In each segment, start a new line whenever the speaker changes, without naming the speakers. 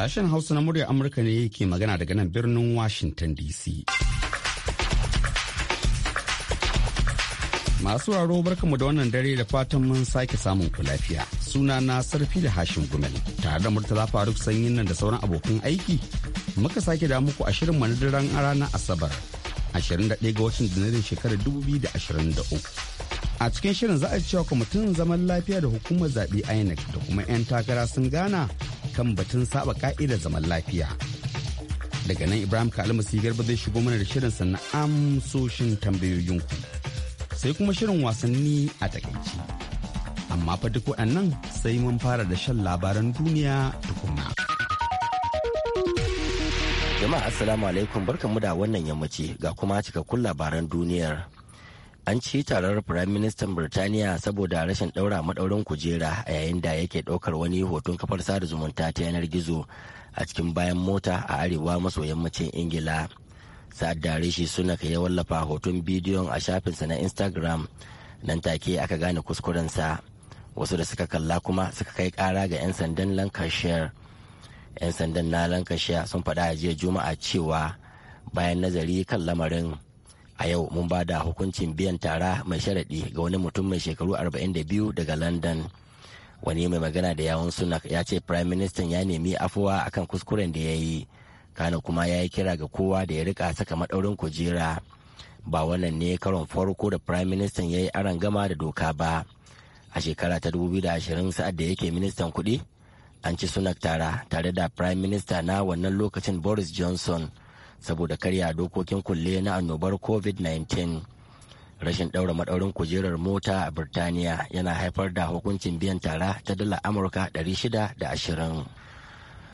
Sashen Hausa na muryar Amurka ne yake magana daga nan birnin Washington DC. Masu raro barkamu da wannan dare da fatan mun sake samun ku lafiya. Suna na sarfi da hashin gumel tare da Murtala Faruk sanyin nan da sauran abokan aiki. Muka sake da muku a shirin na daren ranar Asabar 21 ga watan Janairun shekarar 2023. a cikin shirin za a cewa kwamitin zaman lafiya da hukumar zaɓe inec da kuma 'yan takara sun gana kan batun saba ka'idar zaman lafiya. Daga nan Ibrahim Kalmasi Garba zai shigo mana da shirin sa na amsoshin tambayoyinku. Sai kuma shirin wasanni a takaici. Amma fa duk waɗannan sai mun fara da shan
labaran duniya tukuna Jama'a Assalamu alaikum barkanmu da wannan yammaci ga kuma cikakkun labaran duniyar. an ci tarar firaministan birtaniya saboda rashin ɗaura madaurin kujera a yayin da yake ɗaukar wani hoton kafar sada zumunta ta yanar gizo a cikin bayan mota a arewa maso yammacin ingila sa'ad da rishi suna ya wallafa hoton bidiyon a shafinsa na instagram nan take aka gane kuskurensa wasu da suka kalla kuma suka kai kara ga 'yan sandan lancashire 'yan sandan na lancashire sun faɗa a jiya juma'a cewa bayan nazari kan lamarin a yau mun ba da hukuncin biyan tara mai sharaɗi ga wani mutum mai shekaru 42 daga london wani mai magana da yawon sunak ya ce prime minister ya nemi afuwa akan kuskuren da ya yi kano kuma ya yi kira ga kowa da ya rika saka maɗaurin kujera ba wannan ne karon farko da prime minister ya yi gama da doka ba a shekara ta 2020 sa'ad da yake ministan kuɗi an ci sunak tara tare da prime minister na wannan lokacin boris johnson saboda karya dokokin kulle na annobar covid-19 rashin ɗaura maɗaurin kujerar mota a birtaniya yana haifar da hukuncin biyan tara ta dala amurka 620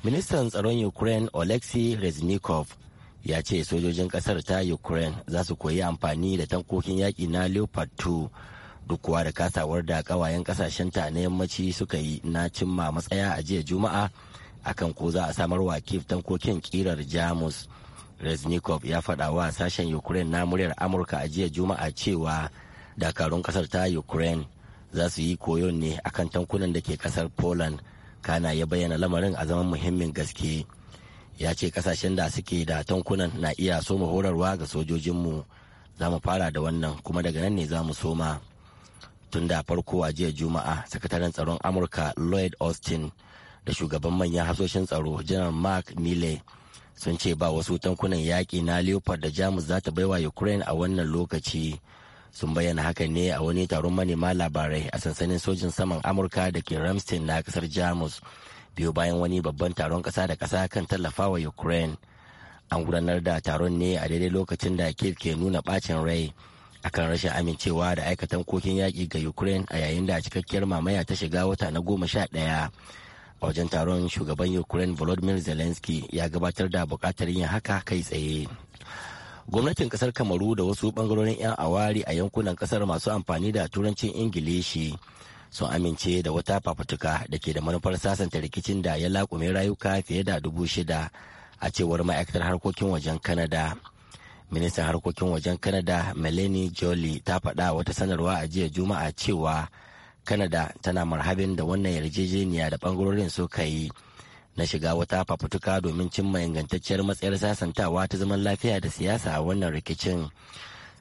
ministan tsaron ukraine oleksiy reznikov ya ce sojojin ƙasar ta ukraine za su koyi amfani da tankokin yaƙi na leopard 2 duk kuwa da kasawar da ƙawayen ta na yammaci suka yi na cimma matsaya a jiya juma'a akan ko za a wa kif tankokin kirar jamus reznikov ya faɗa wa sashen ukraine na muryar amurka a jiya juma'a cewa dakarun kasar ta ukraine za su yi koyon ne akan tankunan da ke kasar poland kana ya bayyana lamarin a zaman muhimmin gaske ya ce kasashen da suke da tankunan na iya soma horarwa ga sojojinmu za mu fara da wannan kuma daga nan ne za mu soma tun da farko a jiya juma'a sakataren tsaron amurka lloyd austin da shugaban manyan hasoshin tsaro janar mark milley sun ce ba wasu tankunan yaƙi na leopard da jamus za ta baiwa ukraine a wannan lokaci sun bayyana haka ne a wani taron manema labarai a sansanin sojin saman amurka da ke ramstein na kasar jamus biyu bayan wani babban taron ƙasa da kasa kan tallafawa ukraine an gudanar da taron ne a daidai lokacin da kiev ke nuna bacin rai akan rashin amincewa da aikatan kokin yaƙi ga ukraine a yayin da cikakkiyar mamaya ta shiga wata na goma sha ɗaya a wajen taron shugaban ukraine volodymyr zelensky ya gabatar da bukatar yin haka kai tsaye gwamnatin kasar kamaru da wasu bangarorin 'yan awari a yankunan kasar masu amfani da turancin ingilishi sun amince da wata fafatuka da ke da manufar sasanta rikicin da ya lakume rayuka fiye da dubu shida a cewar ma'aikatar harkokin wajen kanada ministan harkokin wajen kanada melanie jolie ta faɗa wata sanarwa a jiya juma'a cewa kanada tana marhabin da wannan yarjejeniya da bangarorin suka yi na shiga wata fafutuka domin cimma ingantacciyar matsayar sasantawa ta zaman lafiya da siyasa a wannan rikicin.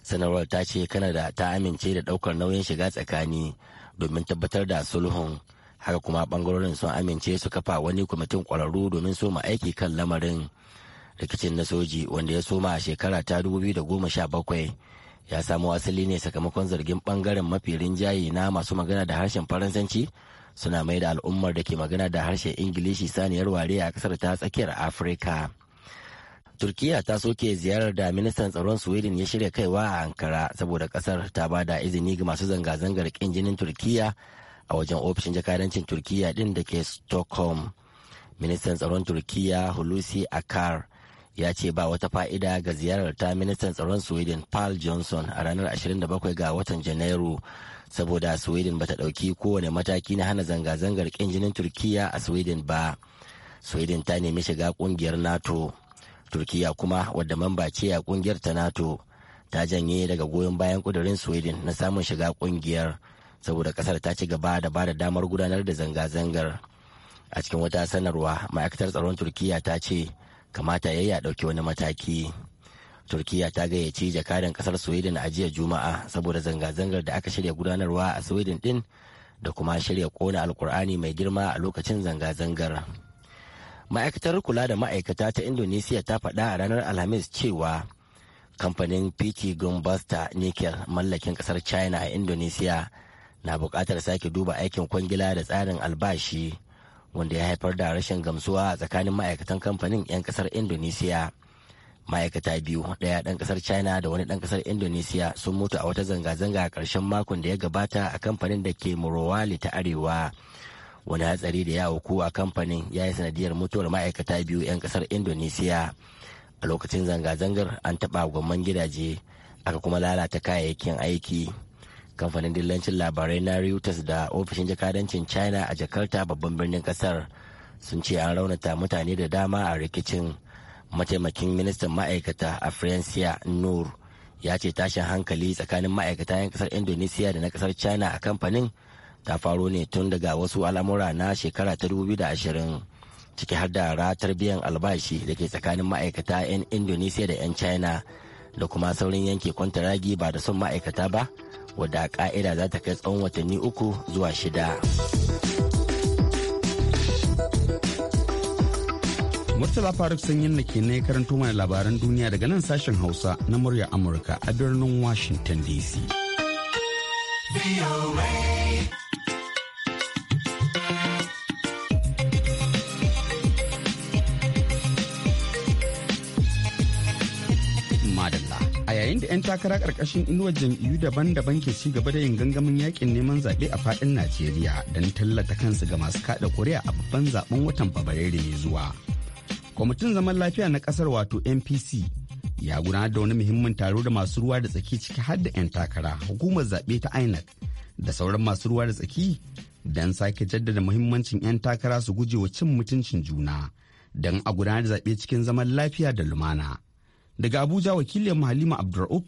Sanarwar ta ce kanada ta amince da daukar nauyin shiga tsakani domin tabbatar da sulhun. Haka kuma bangarorin sun amince su kafa wani kwamitin kwararru domin soma aiki kan lamarin. Rikicin na soji wanda ya soma a shekara ta 2017 ya samu asali ne sakamakon zargin bangaren mafi rinjaye na masu magana da harshen faransanci suna mai da al'ummar da ke magana da harshen ingilishi saniyar ware a kasar ta tsakiyar afirka turkiya ta soke ziyarar da ministan tsaron sweden ya shirya kaiwa a ankara saboda kasar ta ba da izini ga masu zanga-zangar kin jinin turkiya a wajen ofishin jakadancin turkiya din da ke stockholm ministan tsaron turkiya hulusi akar ya ce ba wata fa'ida ga ziyarar ta ministan tsaron sweden paul johnson a ranar 27 ga watan janairu saboda sweden bata ɗauki kowane mataki na hana zanga-zangar ƙin jinin turkiya a sweden ba sweden ta nemi shiga ƙungiyar nato turkiya kuma wadda mamba ce a ƙungiyar ta nato ta janye daga goyon bayan kudurin sweden na samun shiga ƙungiyar saboda ƙasar ta ci gaba da bada damar gudanar da zanga-zangar a cikin wata sanarwa ma'aikatar tsaron turkiya ta ce kamata ya yi a ɗauki wani mataki turkiya ta gayyaci jakadan kasar sweden a jiya juma'a saboda zanga-zangar da aka shirya gudanarwa a sweden din da kuma shirya kona alkur'ani mai girma a lokacin zanga-zangar ma'aikatar kula da ma'aikata ta indonesia ta faɗa a ranar alhamis cewa kamfanin pt gumbasta nickel mallakin kasar china a indonesia na buƙatar sake duba aikin kwangila da tsarin albashi wanda ya haifar da rashin gamsuwa a tsakanin ma'aikatan kamfanin 'yan kasar indonesiya ma'aikata biyu daya ɗan kasar china da wani ɗan kasar indonesiya sun mutu a wata zanga-zanga a ƙarshen makon da ya gabata a kamfanin da ke morowali ta arewa wani hatsari da ya auku a kamfanin ya yi sanadiyar mutuwar ma'aikata biyu 'yan kasar indonesiya a lokacin zanga-zangar an taɓa gwamman gidaje aka kuma lalata kayayyakin aiki kamfanin dillancin labarai na reuters da ofishin jakadancin china a jakarta babban birnin kasar sun ce an raunata mutane da dama a rikicin mataimakin ministan ma'aikata a francia nur ya ce tashin hankali tsakanin ma'aikata 'yan kasar indonesiya da na kasar china a kamfanin ta faro ne tun daga wasu al'amura na shekara ta 2020 ciki har da ratar biyan albashi da ke tsakanin ma'aikata 'yan indonesiya da 'yan china da kuma saurin yanke kwantaragi ba da son ma'aikata ba wadda ka'ida za ta kai tsawon watanni uku zuwa shida.
Murtala Faruk Sanyin na ke ne karanto mana labaran duniya daga nan sashen Hausa na murya Amurka a birnin Washington DC. yayin da 'yan takara karkashin inuwar jam'iyyu daban-daban ke ci gaba da yin gangamin yakin neman zaɓe a faɗin najeriya don tallata kansu ga masu kaɗa kuri'a a babban zaben watan fabrairu mai zuwa kwamitin zaman lafiya na ƙasar wato npc ya gudanar da wani muhimmin taro da masu ruwa da tsaki ciki har da 'yan takara hukumar zaɓe ta inec da sauran masu ruwa da tsaki don sake jaddada muhimmancin 'yan takara su gujewa cin mutuncin juna don a gudanar da zaɓe cikin zaman lafiya da lumana Daga Abuja wakilin Halima Abdur'uf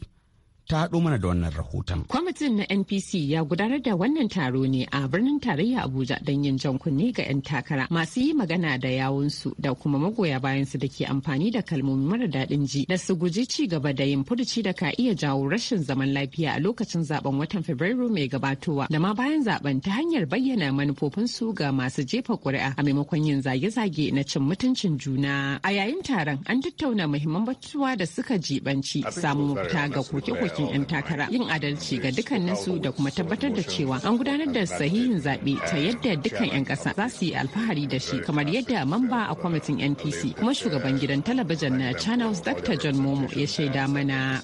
ta haɗo mana da wannan rahoton.
Kwamitin na NPC ya gudanar da wannan taro ne a birnin tarayya Abuja don yin jan kunne ga 'yan takara masu yi magana da yawunsu da kuma magoya bayansu da ke amfani da kalmomi mara daɗin ji da su guji ci gaba da yin furuci da ka iya jawo rashin zaman lafiya a lokacin zaben watan Fabrairu mai gabatowa da ma bayan zaben ta hanyar bayyana manufofin su ga masu jefa ƙuri'a a maimakon yin zage-zage na cin mutuncin juna. A yayin taron an tattauna muhimman batutuwa da suka jibanci samun mafita ga koke-koke cikin 'yan takara yin adalci ga dukkaninsu da kuma tabbatar da cewa an gudanar da sahihin zaɓe ta yadda dukkan 'yan ƙasa za su yi alfahari da shi kamar yadda mamba a kwamitin NPC kuma shugaban gidan talabijin na Channels Dr. John Momo ya shaida mana.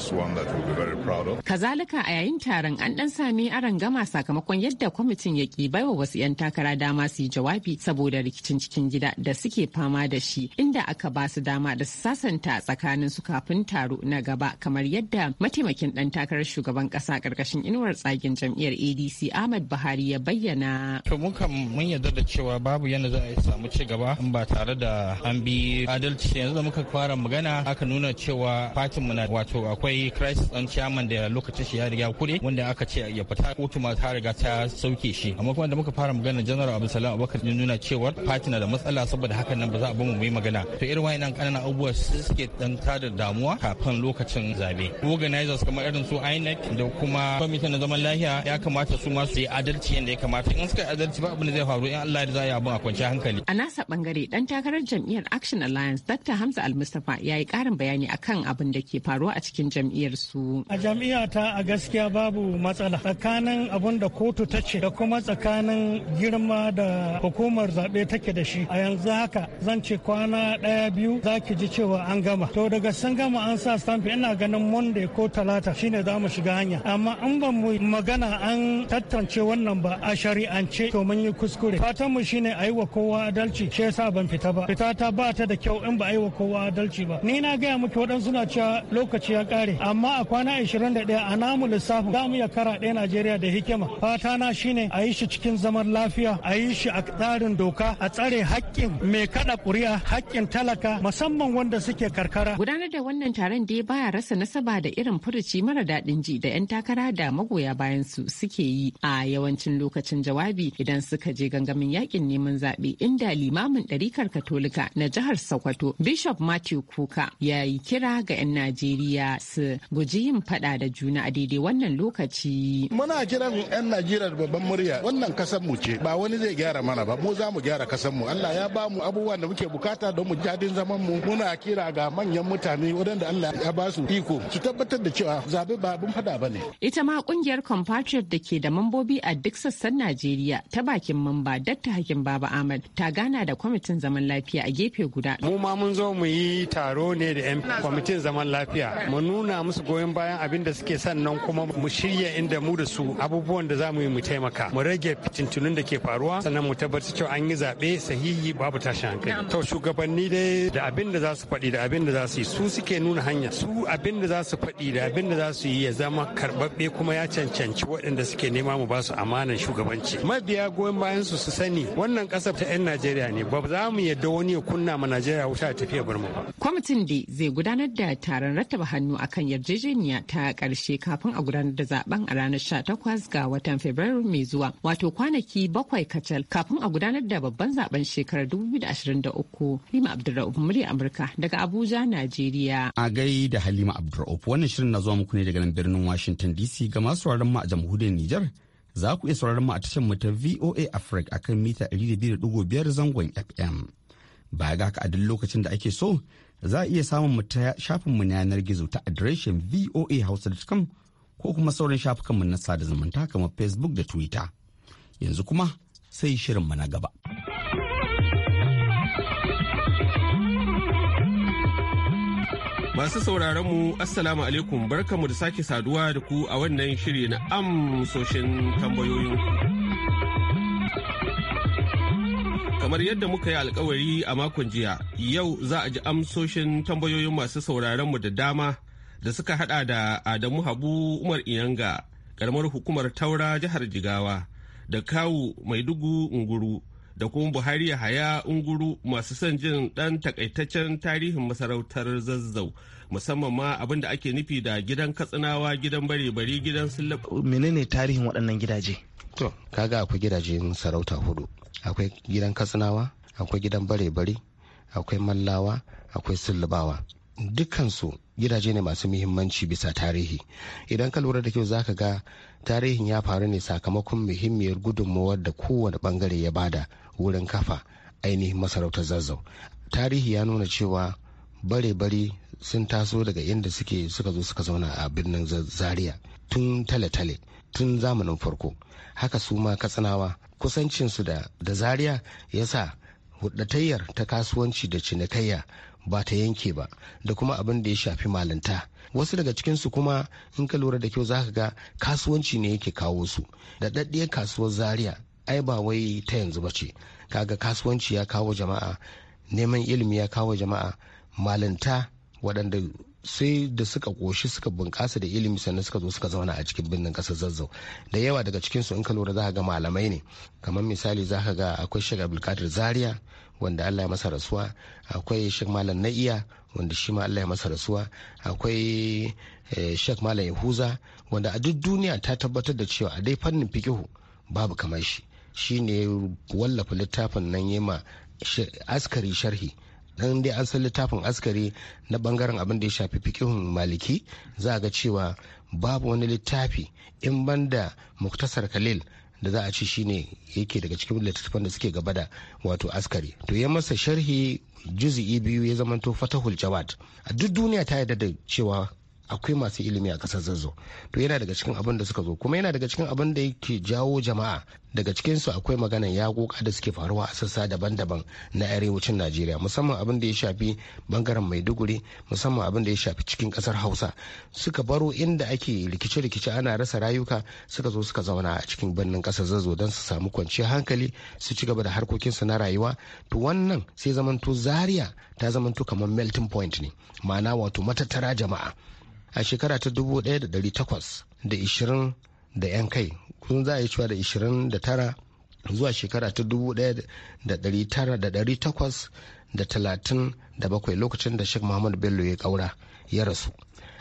Uh,
Kazalika a yayin taron an dan sami aron gama sakamakon yadda kwamitin ya ki baiwa wasu 'yan takara dama su yi jawabi saboda rikicin cikin gida da suke fama zama da shi inda aka ba su dama da su sasanta tsakanin su kafin taro na gaba kamar yadda mataimakin dan takarar shugaban kasa karkashin inuwar tsagin jam'iyyar ADC Ahmad Buhari ya bayyana. To mun kan mun yarda da cewa
babu yadda za a samu ci gaba in ba tare da an bi adalci yanzu da muka fara magana aka nuna cewa fatin mu na wato akwai Christ dan chairman da lokacin shi ya riga kure wanda aka ce ya fita kotu ma ta riga ta sauke shi amma kuma da muka fara magana General Abdulsalam Abubakar ya nuna cewa fatin na da matsala saboda hakan nan ba za a bamu mu yi magana to irin wayannan kananan abubuwa su suke dan tada damuwa kafin lokacin zabe organizers kamar irin su INEC da kuma committee na zaman lafiya ya kamata su ma su yi adalci yadda ya kamata in suka adalci ba abin da zai faru in Allah ya za a abin a kwanciyar hankali a
nasa bangare dan takarar jam'iyyar Action Alliance Dr. Hamza Al-Mustafa ya yi karin bayani akan abin da ke faruwa a cikin jam'iyyar su a jam'iyyar ta a gaskiya
babu matsala tsakanin abun da kotu ta ce da kuma tsakanin girma da hukumar zabe take da shi a yanzu haka zan ce kwana ɗaya biyu za ki ji cewa an
gama to daga san gama an sa stamp ina ganin monday ko talata shine za mu shiga hanya amma
an ban mu magana an tantance wannan ba a shari'ance to mun yi kuskure fatan mu shine yi wa kowa adalci shi yasa ban fita ba fita ta ba ta da kyau in ba yi wa kowa adalci ba
ni na gaya muke waɗansu na cewa lokaci ya kare amma a kwana da 21 a namu lissafin za mu iya kara ɗaya najeriya da hikima fata na shine a yi shi cikin zaman lafiya a yi shi a tsarin doka a tsare haƙƙin mai kaɗa ƙuri'a haƙƙin talaka musamman wanda suke
karkara. Gudanar da wannan taron dai baya rasa nasaba da irin furuci mara daɗin ji da 'yan takara da magoya bayan su suke yi a yawancin lokacin jawabi idan suka je gangamin yakin neman zaɓe inda limamin ɗarikar katolika na jihar Sokoto Bishop Matthew Kuka ya yi kira ga 'yan Najeriya su guji yin faɗa da juna a daidai wannan lokaci.
Muna kiran 'yan Najeriya babban murya wannan kasar mu ce ba wani zai gyara mana ba mu za mu gyara kasar mu Allah ya ba mu abubuwan da muke bukata don mu jadin zaman mu muna kira ga manyan mutane waɗanda Allah ya ba su iko su tabbatar da cewa zabe ba abin fada ne.
ita ma kungiyar compatriot da ke da mambobi a duk sassan Najeriya ta bakin mamba Dr. Hakim Baba Ahmad ta gana da kwamitin zaman lafiya a gefe guda mu
ma mun zo mu yi taro ne da yan kwamitin zaman lafiya mu nuna musu goyon bayan abin da suke sannan kuma mu shirya inda mu da su abubuwan da za mu yi mu taimaka mu rage fitintunun da ke faruwa sannan mu tabbatar cewa an yi zaɓe sahihi babu tashin hankali kenan to shugabanni dai da abin da za su faɗi da abin da za su yi su suke nuna hanya su abin da za su faɗi da abin da za su yi ya zama karɓaɓɓe kuma ya cancanci waɗanda suke nema mu ba su amanan shugabanci mabiya goyon bayan su su sani wannan ƙasar ta 'yan Najeriya ne ba za mu yadda wani ya kunna ma Najeriya wuta ta tafiya bar mu ba
kwamitin da zai gudanar da taron rattaba hannu akan yarjejeniya ta ƙarshe kafin a gudanar da zaben a ranar 18 ga watan Fabrairu mai zuwa wato kwanaki bakwai kacal kafin a gudanar da babban zaben shekarar 2020 23. Halima Abdulra'uf murya Amurka daga Abuja, Najeriya.
A gai da Halima Abdulra'uf wannan shirin na zuwa muku ne daga nan birnin Washington DC ga masu sauraron mu a jamhuriyar Nijar. Za ku iya sauraron mu a tashar mu ta VOA Africa akan mita 102.5 zangon FM. ba ga haka a duk lokacin da ake so za a iya samun mu ta shafin mu na yanar gizo ta adireshin voahausa.com ko kuma sauran mu na sada zumunta kamar Facebook da Twitter. Yanzu kuma sai shirin mu na gaba.
Masu sauraron mu Assalamu alaikum barkamu da sake saduwa da ku a wannan shiri na amsoshin tambayoyin. Kamar yadda muka yi alkawari a makon jiya, yau za a ji amsoshin tambayoyin masu sauraron mu da dama da suka hada da Adamu Habu Umar Iyanga, karamar hukumar Taura jihar Jigawa, da Kawu Maiduguri Nguru, da kuma buhari haya unguru masu son jin ɗan takaitaccen tarihin masarautar zazzau musamman ma abin da ake nufi da gidan katsinawa gidan bare-bari gidan sullab
menene tarihin waɗannan gidaje to kaga akwai gidajen sarauta hudu akwai gidan katsinawa akwai gidan bare-bari akwai mallawa akwai sullubawa dukkansu gidaje ne masu muhimmanci bisa tarihi idan ka lura da kyau zaka ga tarihin ya faru ne sakamakon muhimmiyar gudunmawar da kowane bangare ya bada wurin kafa ainihin masarautar zazzau tarihi ya nuna cewa bare-bare sun taso daga inda suke suka zo suka zauna a birnin zaria tun tale-tale tun zamanin farko haka su ma katsinawa kusancinsu da zaria ya sa hudatayyar ta kasuwanci da cinikayya ba ta yanke ba da kuma abin da ya shafi malinta wasu daga cikinsu kuma in ka lura da kyau za ka ga kasuwanci ne yake kawo su da kasuwar zaria ai ba wai ta yanzu ba ce kaga kasuwanci ya kawo jama'a neman ilimi ya kawo jama'a malinta waɗanda sai da suka koshi suka bunƙasa da ilimi sannan suka zo suka zauna a cikin birnin ƙasar zazzau da yawa daga su in ka lura za ga malamai ne kamar misali za ka ga akwai shiga abdulkadir zaria wanda allah ya masa rasuwa akwai shek malam na'iya wanda shi ma allah ya masa rasuwa akwai eh, shek malam yahuza wanda a duk duniya ta tabbatar da cewa a dai fannin fikihu babu kamar shi shine wallafa littafin nan yema askari sharhi dan dai an san littafin askari na bangaren abin da ya shafi fikihun maliki za a ga cewa babu wani littafi in banda muktasar khalil da za a ci shine yake daga cikin littattafan da suke gaba da wato askari to ya masa sharhi juzi'i biyu ya zamanto fatahul jawad a duk duniya ta yarda da cewa akwai masu ilimi a kasar zazzau to yana daga cikin abin da suka zo kuma yana daga cikin abin da yake jawo jama'a daga cikinsu akwai maganan goka da suke faruwa a sassa daban-daban na arewacin najeriya musamman abin da ya shafi bangaren maiduguri musamman abin da ya shafi cikin kasar hausa suka baro inda ake rikice-rikice ana rasa rayuka suka zo suka zauna a cikin birnin kasar zazzau don su samu kwanciyar hankali su ci gaba da harkokinsu na rayuwa to wannan sai zamanto zaria ta zamanto kamar melting point ne ma'ana wato matattara jama'a a shekara ta 1820 da da 'yan kai kun za a yi cewa da 29 zuwa shekara ta bakwai? lokacin da sheikh muhammad bello ya kaura ya rasu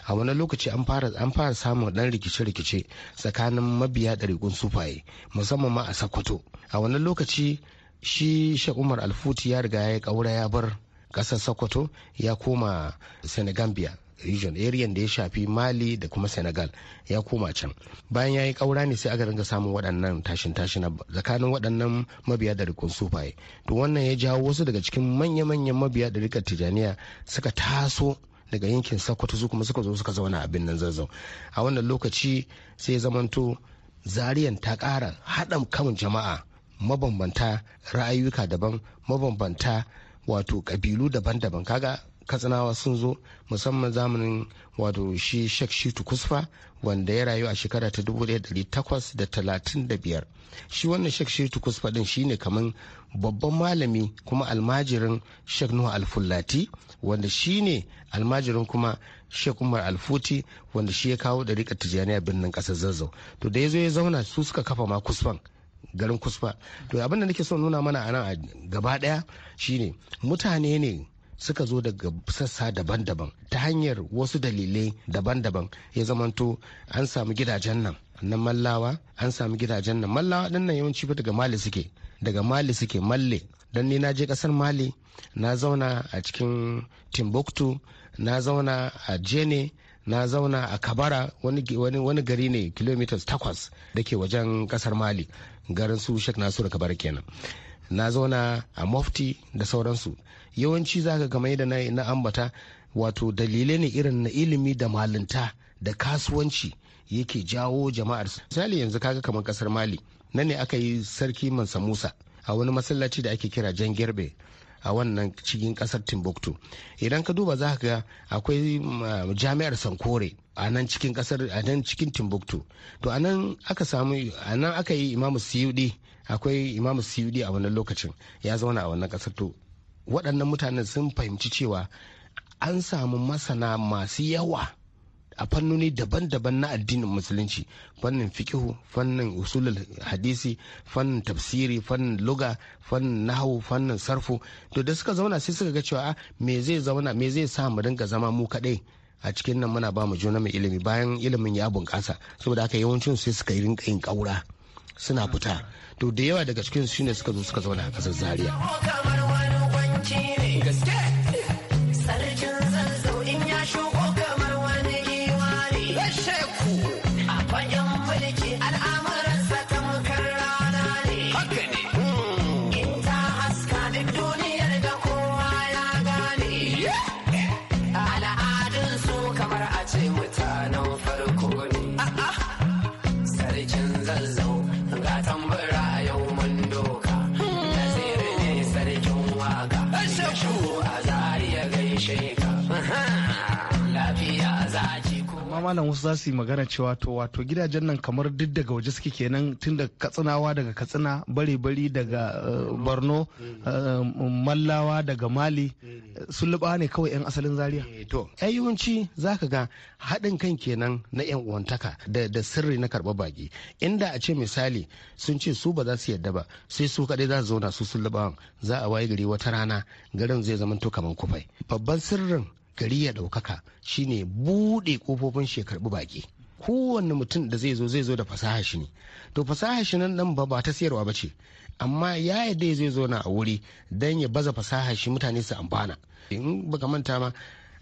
a wani lokaci an fara samun dan rikice-rikice tsakanin mabiya ɗarigun sufaye musamman ma a sokoto a wani lokaci shi sheik umar alfuti ya riga ya kaura ya bar ƙasar sokoto ya koma senegambia region area da ya shafi mali da kuma senegal ya koma can bayan ya yi kaura ne sai aka ringa samun waɗannan tashin tashin tsakanin waɗannan mabiya da rikon sufaye to wannan ya jawo wasu daga cikin manya-manyan mabiya da rikar tijaniya suka taso daga yankin sokoto su kuma suka zo suka zauna a birnin zazzau a wannan lokaci sai ya zamanto zariyan ta ƙara haɗa kan jama'a mabambanta ra'ayuka daban mabambanta wato ƙabilu daban-daban kaga katsinawa sun zo musamman zamanin wato shi shek shitu kusfa wanda ya rayu a shekara ta 1835 shi wannan shek shitu kusfa din shine kamar babban malami kuma almajirin shek nuhu alfullati wanda shine almajirin kuma shek umar alfuti wanda shi ya kawo ɗariƙar tijaniya birnin ƙasar zazzau to da ya zo ya zauna su suka kafa ma kusfan garin kusfa to abinda nake son nuna mana a nan a gaba ɗaya shine mutane ne suka zo daga sassa daban-daban ta hanyar wasu dalilai daban-daban ya zamanto an samu gidajen nan na mallawa an samu gidajen nan mallawa din nan yawanci fa daga mali suke daga mali suke malle don ni na je kasar mali na zauna a cikin timbuktu na zauna a jene na zauna a kabara wani, gari ne kilomitas takwas da ke wajen kasar mali garin su shek nasu da kabara kenan na zauna a mofti da sauransu yawanci zaka kamar yadda na ambata wato dalilai ne irin na ilimi da malinta da kasuwanci yake jawo jama'ar misali yanzu kaga kamar kasar mali nan ne aka yi sarki mansa musa a wani masallaci da ake kira jan gerbe a wannan cikin kasar timbuktu idan ka duba za ga akwai uh, jami'ar sankore a nan cikin kasar a nan cikin timbuktu to a nan aka samu a nan aka yi imamu siyudi akwai imamu siyudi a wannan lokacin ya zauna a wannan kasar to waɗannan mutanen sun fahimci cewa an samu masana masu yawa a fannoni daban-daban na addinin musulunci fannin fikihu fannin usulul hadisi fannin tafsiri fannin luga fannin nahu fannin sarfu to da suka zauna sai suka ga cewa ah, me zai zauna me zai sa mu dinga zama mu kadai a cikin nan muna ba mu juna mai ilimi bayan ilimin ya bunƙasa saboda haka yawancin sai suka yi rinka yin ƙaura suna fita to da yawa daga cikin su ne suka zo suka zauna a ƙasar
zaria
amma malam wasu za su yi magana cewa to wato gidajen nan kamar duk daga waje suke kenan tun da katsinawa daga katsina bare-bari daga eh, borno eh, mallawa daga mali sun luba ne kawai 'yan asalin zaria eh, to yawanci za ka ga haɗin kan kenan na 'yan uwantaka da sirri na karɓar baki inda a ce misali sun ce su ba za su yadda ba sai su kaɗai za su zauna su sun za a waye gari wata rana garin zai zama to kamar kufai babban sirrin gari ya ɗaukaka shine buɗe ƙofofin shi ya karɓi baƙi kowanne mutum da zai zo zai zo da fasaha shi ne to fasaha shi nan nan ba ba ta siyarwa ba ce amma ya yadda zai zo na a wuri don ya baza fasaha shi mutane su amfana in baka manta ma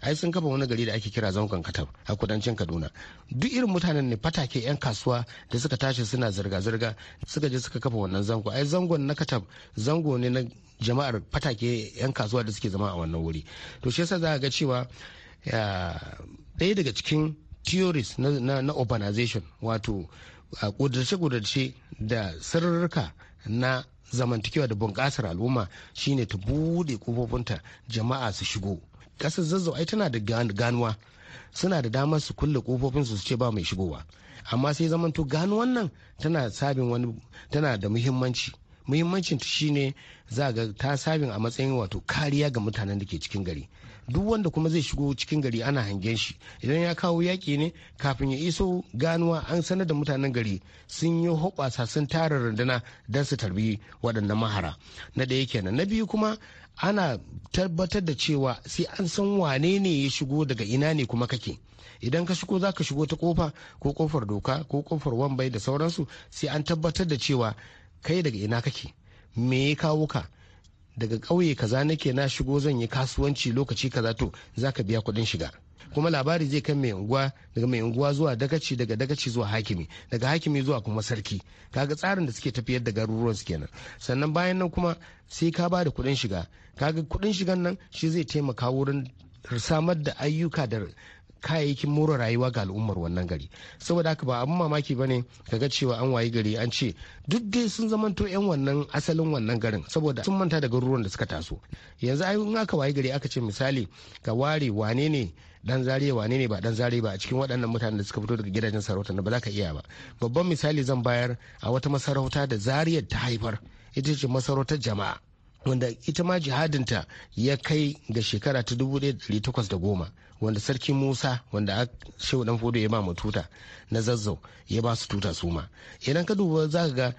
ai sun kafa wani gari da ake kira zangon katab a kudancin kaduna duk irin mutanen ne fatake yan kasuwa da suka tashi suna zirga-zirga suka je suka kafa wannan zango ai zangon na katab zango ne na jama'ar fatake yan kasuwa da suke zama a wannan wuri to shi yasa za ga cewa ɗaya daga cikin theories na, urbanization wato a kudurce-kudurce da sirrika na zamantakewa da bunƙasar al'umma shine ta bude kofofinta jama'a su shigo kasar zazzau tana da ganuwa suna da damar su kulle kofofin su ce ba mai shigowa amma sai zaman to ganuwan nan tana sabin wani tana da muhimmanci muhimmancin ta shine za ga ta sabin a matsayin wato kariya ga mutanen da ke cikin gari duk wanda kuma zai shigo cikin gari ana hangen shi idan ya kawo yaƙi ne kafin ya iso ganuwa an sanar da mutanen gari sun yi hoɓasa sun tara runduna don su tarbi waɗannan mahara na ɗaya kenan na biyu kuma ana tabbatar da cewa sai an san wane ne ya shigo daga ina ne kuma kake idan ka shigo za ka shigo ta kofa ko kofar doka ko kofar wambai da sauransu sai an tabbatar da cewa kai daga ina kake me ya kawo ka daga ƙauye kaza nake na shigo zan yi kasuwanci lokaci kaza to za ka biya kuɗin shiga kuma labari zai kan mai unguwa daga mai unguwa zuwa dagaci daga dagaci zuwa hakimi daga hakimi zuwa kuma sarki kaga tsarin da suke tafiyar da garuruwan su kenan sannan bayan nan kuma sai ka ba da kuɗin shiga kaga kuɗin shigan nan shi zai taimaka wurin samar da ayyuka da kayayyakin more rayuwa ga al'ummar wannan gari saboda haka ba abin mamaki bane kaga cewa an wayi gari an ce duk dai sun zamanto yan wannan asalin wannan garin saboda sun manta da garuruwan da suka taso yanzu ai in aka wayi gari aka ce misali ka ware wane ne dan zariya wane ne ba dan zariya ba a cikin waɗannan mutanen da suka fito daga gidajen sarauta na ba za ka iya ba babban misali zan bayar a wata masarauta da zariyar ta haifar ita ce masarautar jama'a wanda ita ma jihadinta ya kai ga shekara ta 1810 wanda sarki musa wanda shehu dan fodo ya ba mu tuta na zazzau ya ba su tuta su ma idan ka duba za ga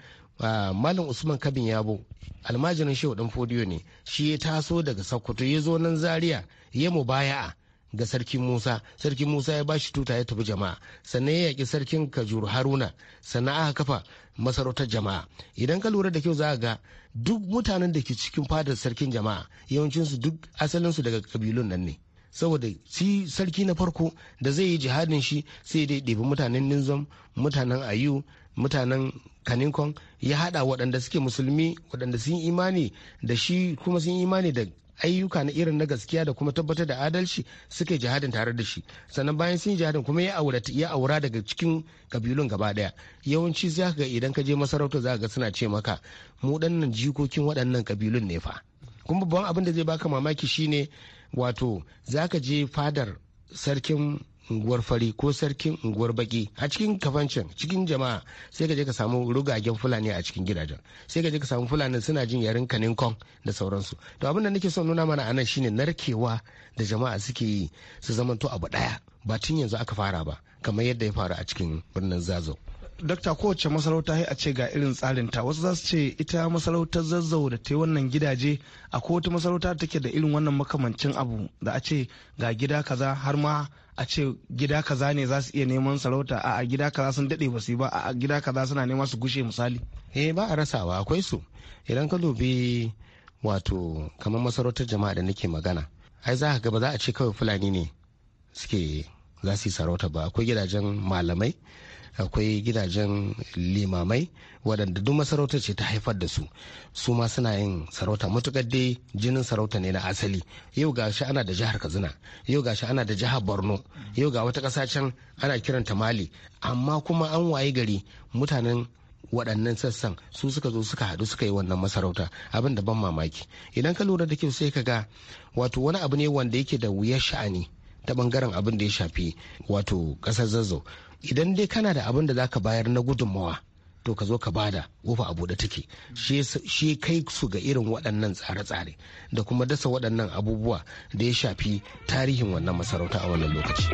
malam usman kabin yabo almajirin shehu dan fodiyo ne shi ya taso daga sokoto ya zo nan zaria ya mu baya'a ga sarki musa sarki musa ya ba shi tuta ya tafi jama'a sannan ya yaki sarkin kajuru haruna sannan aka kafa masarautar jama'a idan ka lura da kyau za ga duk mutanen da ke cikin fadar sarkin jama'a yawancinsu duk asalinsu daga kabilun nan ne saboda shi sarki na farko da zai yi jihadin shi sai dai ɗebi mutanen ninzon mutanen ayu mutanen kaninkon ya hada waɗanda suke musulmi waɗanda sun imani da shi kuma sun imani da ayyuka na irin na gaskiya da kuma tabbatar da adalci suke jihadin tare da shi sannan bayan sun yi jihadin kuma ya aura ya aura daga cikin kabilun gaba daya yawanci za ga idan ka je masarauta za ga suna ce maka mu dannan jikokin waɗannan kabilun ne fa kuma babban abin da zai baka mamaki shine wato za ka je fadar sarkin unguwar fari ko sarkin unguwar baki a cikin kafancin cikin jama'a sai ka je ka samu rugagen fulani a cikin gidajen sai ka je ka samu fulani suna jin kanin ninkon da sauransu to abin da nake son nuna mana anan shine narkewa da jama'a suke yi su zamanto abu daya ba tun yanzu aka fara ba kamar yadda ya faru a cikin birnin zazzau dakta kowace masarauta a ce ga irin tsarin ta wasu za su ce ita masarautar zazzau da ta wannan gidaje a wata masarauta take da irin wannan makamancin abu da a ce ga gida kaza har ma a ce gida kaza ne za su iya neman sarauta a gida kaza sun dade basu ba a gida kaza suna neman su gushe misali eh ba a rasawa akwai su idan ka dubi wato kamar masarautar jama'a da nake magana ai za ka ga ba za a ce kawai fulani ne suke za su yi sarauta ba akwai gidajen malamai akwai gidajen limamai waɗanda duk masarauta ce ta haifar da su su ma suna yin sarauta matuƙar dai jinin sarauta ne na asali yau ga shi ana da jihar kazina yau ga shi ana da jihar borno yau ga wata ƙasa can ana kiranta mali amma kuma an waye gari mutanen waɗannan sassan su suka zo suka haɗu suka yi wannan masarauta abin da ban mamaki idan ka lura da kyau sai ka ga wato wani abu ne wanda yake da wuyar sha'ani ta bangaren abin da ya shafi wato ƙasar zazzau idan dai kana da abin da zaka bayar na gudunmawa to ka zo ka bada kofa a buɗe take shi kai su ga irin waɗannan tsare-tsare da kuma dasa waɗannan abubuwa da ya shafi tarihin wannan masarauta a
wannan lokaci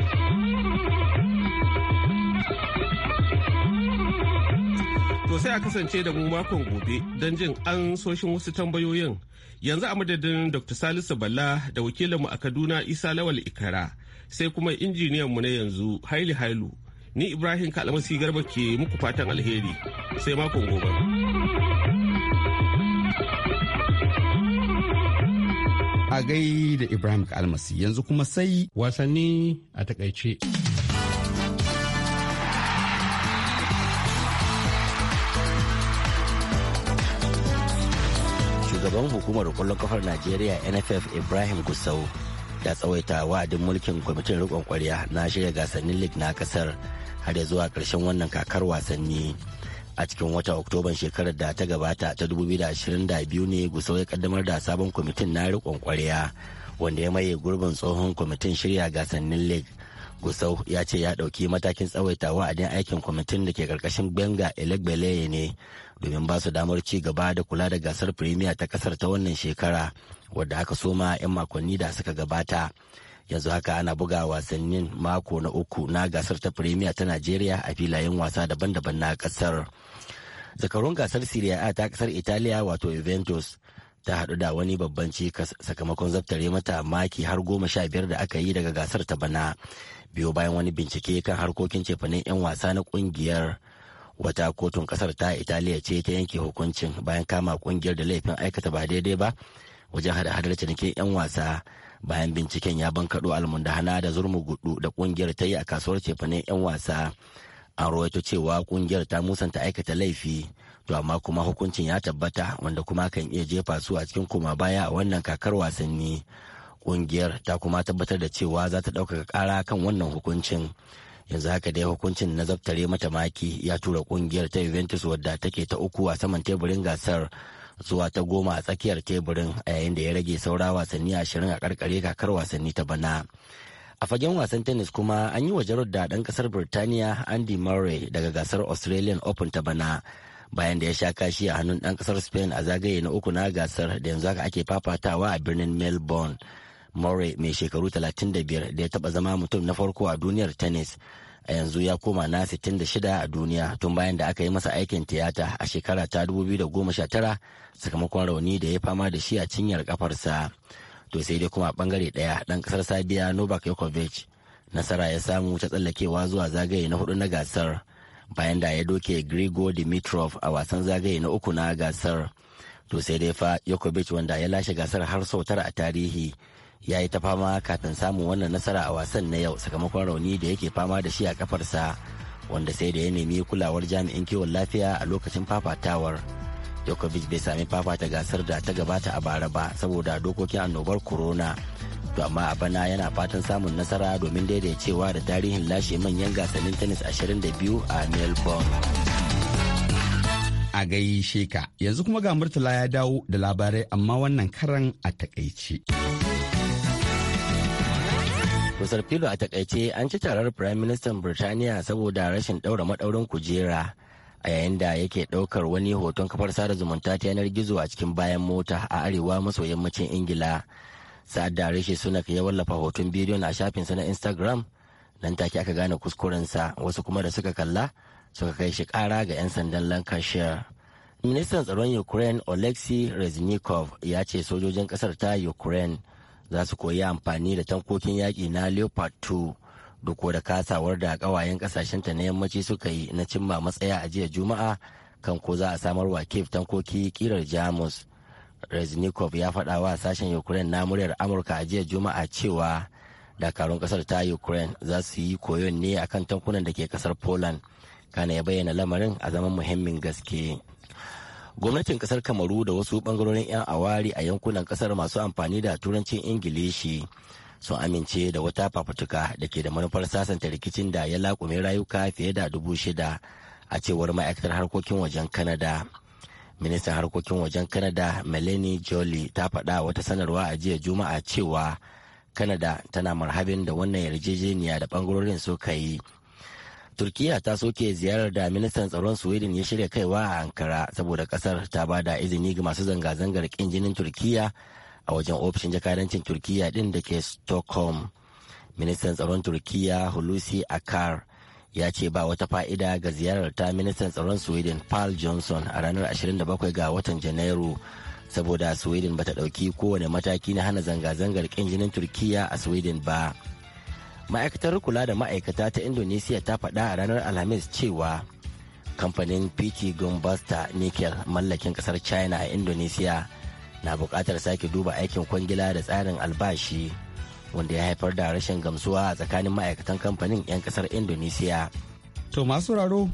To sai a kasance da mu makon gobe don jin an soshin wasu tambayoyin yanzu a madadin Dr. Salisu Balla da wakilinmu a Kaduna Isa Lawal Ikara sai kuma injiniyanmu na yanzu Haili Hailu. Ni Ibrahim Kalamasi Garba ke muku fatan alheri sai makon gobe.
A gai da Ibrahim Kalmasi yanzu kuma sai wasanni a takaice.
shugaban hukumar kwallon kafar najeriya nff ibrahim gusau ya tsawaita wa'adin mulkin kwamitin rikon kwarya na shirya gasannin league na kasar har ya zuwa karshen wannan kakar wasanni a cikin wata oktoban shekarar da ta gabata ta 2022 ne gusau ya kaddamar da sabon kwamitin na riƙon kwarya wanda ya maye gurbin tsohon kwamitin shirya gasannin league gusau ya ce ya ɗauki matakin tsawaita wa'adin aikin kwamitin da ke ƙarƙashin benga elegbeleye ne domin ba su damar ci gaba da kula da gasar premier ta kasar ta wannan shekara wadda aka soma 'yan makonni da suka gabata yanzu haka ana buga wasannin mako na uku na gasar ta premier ta najeriya a filayen wasa daban-daban na kasar zakarun gasar syria a ta kasar italiya wato juventus ta hadu da wani babban cikas sakamakon zaftare mata maki har goma sha biyar da aka yi daga gasar ta bana biyo bayan wani bincike kan harkokin cefanen 'yan wasa na kungiyar wata kotun kasar ta italiya ce ta yanke hukuncin bayan kama kungiyar da laifin aikata ba daidai ba wajen hada hadar cinikin 'yan wasa bayan binciken ya bankaɗo almundahana da zurmu gudu da ƙungiyar ta yi a kasuwar cefanen 'yan wasa an rawaito cewa ƙungiyar ta musanta aikata laifi to amma kuma hukuncin ya tabbata wanda kuma kan iya jefa su a cikin koma baya a wannan kakar wasanni ƙungiyar ta kuma tabbatar da cewa za ta ɗaukaka ƙara kan wannan hukuncin yanzu haka dai hukuncin na zaftare mata maki ya tura ƙungiyar ta juventus wadda take ta uku a saman teburin gasar zuwa ta goma a tsakiyar teburin a yayin da ya rage saura wasanni ashirin a karkare kakar wasanni ta bana a fagen wasan tennis kuma an yi wa da ɗan ƙasar birtaniya andy murray daga gasar australian open ta bana bayan da ya sha kashi a hannun ɗan ƙasar spain a zagaye na uku na gasar da yanzu haka ake fafatawa a birnin melbourne murray mai shekaru 35 da ya taɓa zama mutum na farko a duniyar tennis a yanzu ya koma na 66 a duniya tun bayan da aka yi masa aikin tiyata a shekara ta 2019 sakamakon rauni da ya fama da shi a cinyar kafarsa to sai dai kuma bangare daya dan kasar sabiya novak yokovic nasara ya samu ta tsallakewa zuwa zagaye na hudu na gasar bayan da ya doke grigor dimitrov a wasan zagaye na uku na gasar to sai dai fa yokovic wanda ya lashe gasar har sau tara a tarihi ya yi ta fama kafin samun wannan nasara a wasan na yau sakamakon rauni da yake fama da shi a kafarsa wanda sai da ya nemi kulawar jami'in kiwon lafiya a lokacin fafatawar Djokovic bai sami fafata gasar da ta gabata a bara ba saboda dokokin annobar corona to amma a bana yana fatan samun nasara domin daidaicewa da tarihin lashe manyan gasannin tennis ashirin da biyu a melbourne
a gaishe ka yanzu kuma ga murtala ya dawo da labarai amma wannan
karan a takaice. Tusar filo a takaice an ci tarar prime minister Birtaniya saboda rashin daura madaurin kujera a yayin da yake daukar wani hoton kafar sada zumunta ta yanar gizo a cikin bayan mota a arewa maso yammacin Ingila. Sa'ad da Rishi Sunak ya wallafa hoton bidiyon a shafinsa na Instagram nan take aka gane kuskurensa wasu kuma da suka kalla suka kai shi kara ga 'yan sandan Lancashire. Ministan tsaron Ukraine Oleksiy Reznikov ya ce sojojin kasar ta Ukraine za su koyi amfani da tankokin yaƙi na leopard 2 duk da kasawar da ƙawayen ƙasashenta na yammaci suka yi na cimma matsaya a jiya juma'a kan ko za a samar wa kif tankoki kirar jamus reznikov ya faɗa wa sashen ukraine na muryar amurka a jiya juma'a cewa dakarun ƙasar ta ukraine za su yi koyon ne akan tankunan da ke ƙasar poland kana ya bayyana lamarin a zaman muhimmin gaske. gwamnatin kasar kamaru da wasu bangarorin 'yan awari a yankunan kasar masu amfani da turancin ingilishi sun amince da wata fafutuka da ke da manufar sasanta rikicin da ya lakumi rayuka fiye da dubu shida a cewar ma'aikatar harkokin wajen kanada ministan harkokin wajen kanada melanie jolie ta faɗa wata sanarwa a jiya juma'a cewa kanada tana marhabin da wannan yarjejeniya da bangarorin suka yi turkiya ta soke ziyarar da ministan tsaron sweden ya shirya kaiwa a ankara saboda kasar ta ba da izini ga masu zanga-zangar kin jinin turkiya a wajen ofishin jakadancin turkiya din da ke stockholm ministan tsaron turkiya hulusi akar ya ce ba wata fa'ida ga ziyarar ta ministan tsaron sweden paul johnson a ranar 27 ga watan janairu saboda sweden bata ɗauki kowane mataki na hana zanga-zangar kin jinin turkiya a sweden ba. ma'aikatar kula da ma'aikata ta indonesia ta faɗa a ranar alhamis cewa kamfanin pt gumbasta nickel mallakin kasar china a indonesia na bukatar sake duba aikin kwangila da tsarin albashi wanda ya haifar da rashin gamsuwa a tsakanin ma'aikatan kamfanin 'yan kasar indonesia. to masu raro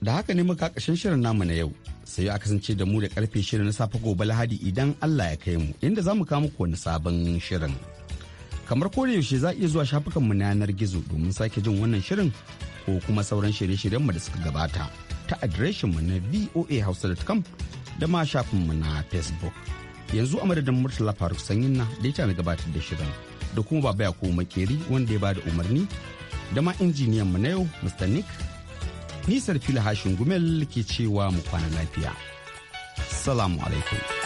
da haka ne muka
ƙarshen shirin namu na yau sai a kasance da mu da karfe shirin na safe gobe lahadi idan allah ya kai mu inda za mu kawo muku wani sabon shirin kamar ko yaushe za a iya zuwa shafukanmu na yanar gizo domin sake jin wannan shirin ko kuma sauran shirye-shiryenmu da suka gabata ta adireshinmu na voahouse.com da ma shafinmu na facebook yanzu a madadin murtala faruk sanyin na da ita na gabatar da shirin da kuma baba yakubu makeri wanda ya bada umarni da ma injiniyan mu na yau mr nick nisar fila hashin gumel ke cewa mu kwana lafiya salamu alaikum